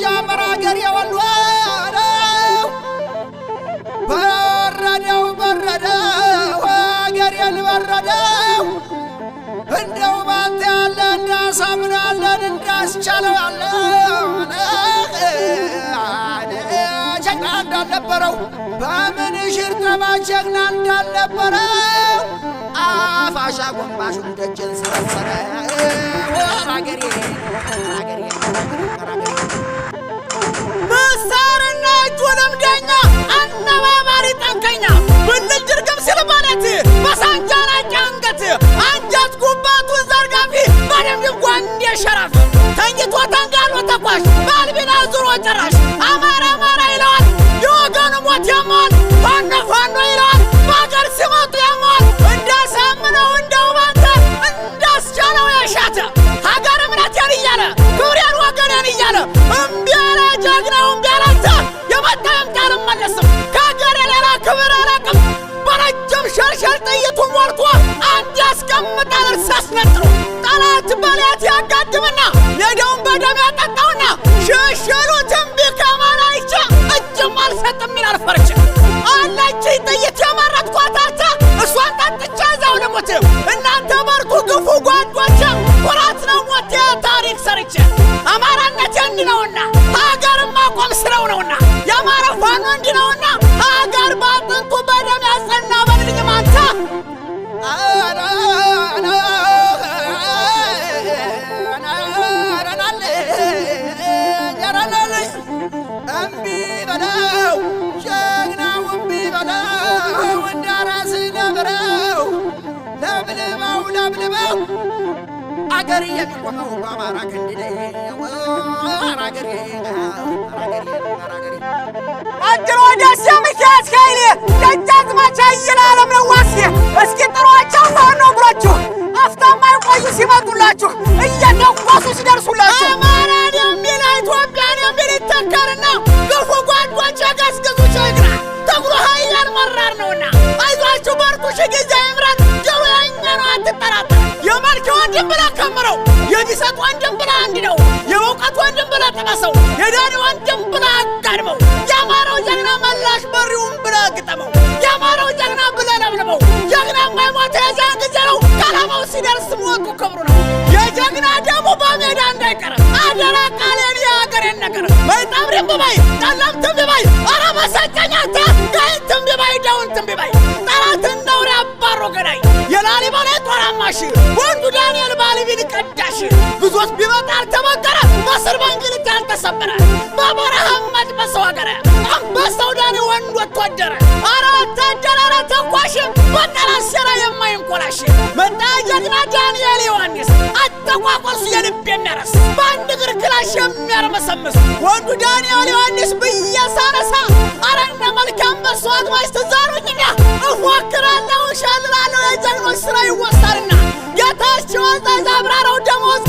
ጀግኖች አማራ ሀገር የወሎ በረደው በረደው ሀገሬን በረደው እንደው ባንተ ያለ እንዳሳምናለን እንዳስቻለዋለን ጀግና እንዳልነበረው በምን ሽርጥረባ ጀግና እንዳልነበረው አፋሻ ጎንባሽ ደጀን ሰረሰረ ወራገሬ ወራገሬ ወራገሬ እጁ ለምዳኛ አነባባሪ ጠንከኛ ብልጅ ድርግም ሲል ማለት በሳን ያስቀምጣል እርሳስ ነጥሮ ጠላት በላያት ያጋድምና ሜዳውን በደም ያጠጣውና አብልበው አገር የሚቆመው በአማራ ክልል አራገሬ ቀጥሎ ደስ የሚካያት ኃይሌ ደጃዝማች አየለአለም ነዋሴ እስኪ ጥሯቸው ነው እግሮቹ አፍታማ ይቆዩ ሲመጡላችሁ ጃንዋንትን ብላ አታድመው። የአማራው ጀግና መላሽ በሪውን ብላ ግጠመው። የአማራው ጀግና ብላ ለምልመው። ጀግና ማይሞት የዛ ጊዜ ነው። ቀለማው ሲደርስ ሞቱ ክብሩ ነው። የጀግና ደሙ በሜዳ እንዳይቀረ አደራ ቃሌን የአገሬን ነገር መይጣምሪም ብባይ ጠለምትም ብባይ አረ መሰቀኛታ ጋይትም ብባይ ዳውንትም ብባይ ጠላትን ነውር ያባሮ ገዳይ የላሊበላ ጦር ወንዱ ዳንኤል ባልቢን ቀዳሽ ክርስቶስ ቢመጣ አልተመከረ፣ በእስር በእንግልት ያልተሰበረ፣ በበረሃ መጥመስ አገረ አንበሳው ዳኔ ወንድ ወታደረ፣ አረ ወታደር፣ አረ ተኳሽ፣ በጠላት ሴራ የማይንኮላሽ መጣ ጀግና ዳንኤል ዮሐንስ፣ አተቋቆሱ የልብ የሚያረስ በአንድ እግር ክላሽ የሚያርመሰምስ ወንዱ ዳንኤል ዮሐንስ ብዬ ሳነሳ አረነ መልካም በሱ አግማሽ ትዛሩኝና እፎክራለሁ፣ እሻልላለሁ የጀግኖች ስራ ይወሳልና ጌታቸው አዛዥ አብራራው ደሞዝ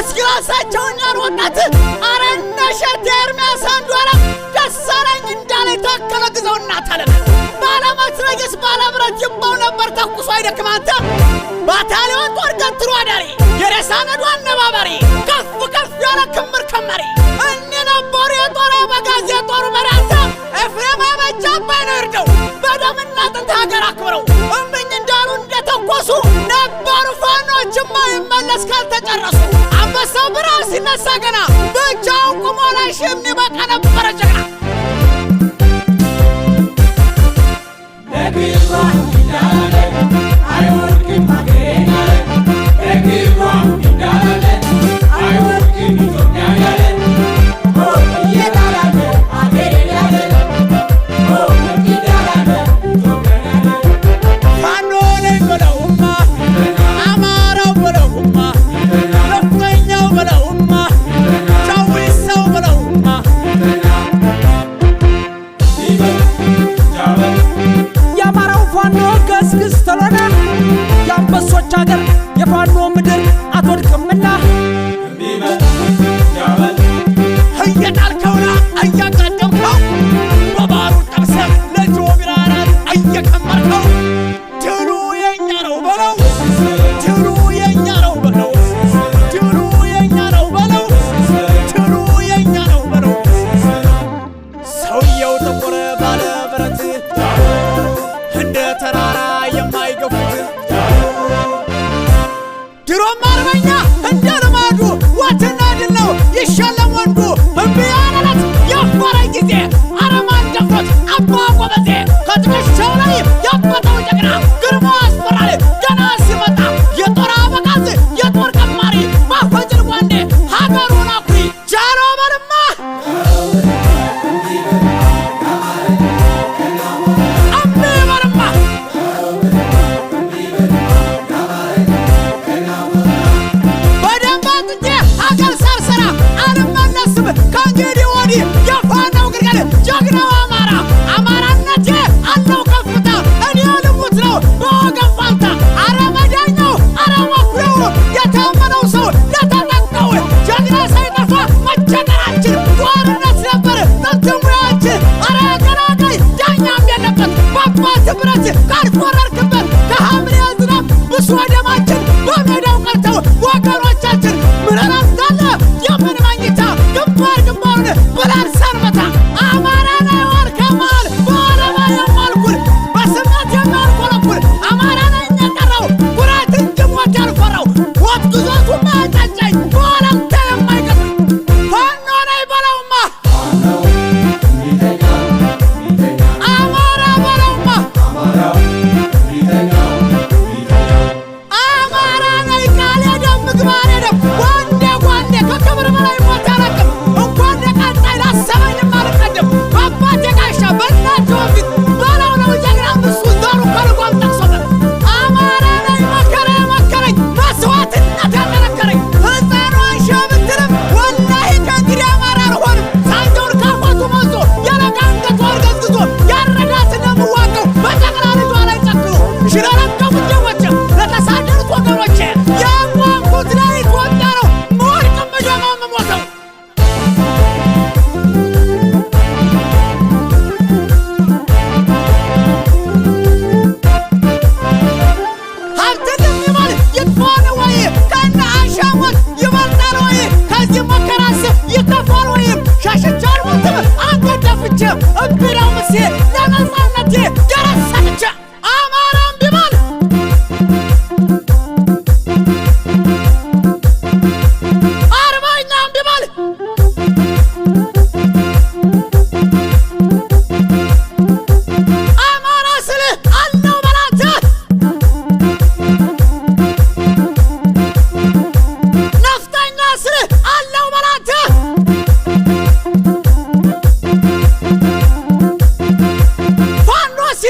እስኪ ራሳቸውን ያልወጣት አረነሸት ኤርምያስ አንዱ አራ ደሳለኝ እንዳለ የታከለ ግዘው እናታለን ባለማስረየስ ባለምረት ይባው ነበር ተኩሶ አይደክም አንተ ባታሊዮን ጦር ገትሮ አዳሪ የሬሳ ነዱ አነባባሪ ከፍ ከፍ ያለ ክምር ከመሪ እኔ ነበር የጦር አበጋዝ የጦር መሪ ኤፍሬም አበጃ አባይ ነው ይርደው በደምና ጥንት ሀገር አክብረው የማይመለስ ካልተጨረሱ አንበሳው ብርሃን ሲነሳ ገና ብቻውን ቁሞ ላይ ሺህ የሚበቃ ነበረ ጀግና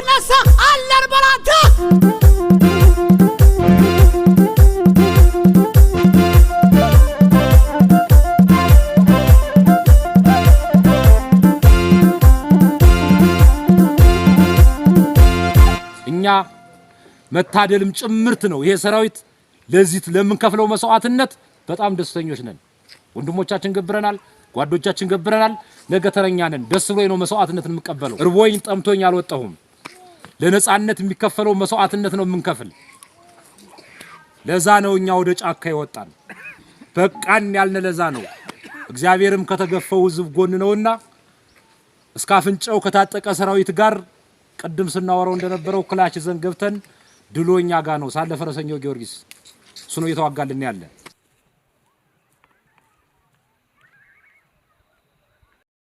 ይነሳ አለን በላንተ እኛ መታደልም ጭምርት ነው። ይሄ ሰራዊት ለዚህ ለምንከፍለው መስዋዕትነት በጣም ደስተኞች ነን። ወንድሞቻችን ገብረናል፣ ጓዶቻችን ገብረናል። ነገ ተረኛ ነን። ደስ ብሎኝ ነው መስዋዕትነትን የምቀበለው። እርቦኝ ጠምቶኝ አልወጣሁም። ለነጻነት የሚከፈለው መስዋዕትነት ነው የምንከፍል። ለዛ ነው እኛ ወደ ጫካ ይወጣል በቃን ያልነ ለዛ ነው። እግዚአብሔርም ከተገፈው ህዝብ ጎን ነውና እስከ አፍንጫው ከታጠቀ ሰራዊት ጋር ቅድም ስናወራው እንደነበረው ክላች ዘንገብተን ድሎኛ ጋ ነው ሳለ ፈረሰኛው ጊዮርጊስ እሱ ነው እየተዋጋልን ያለን።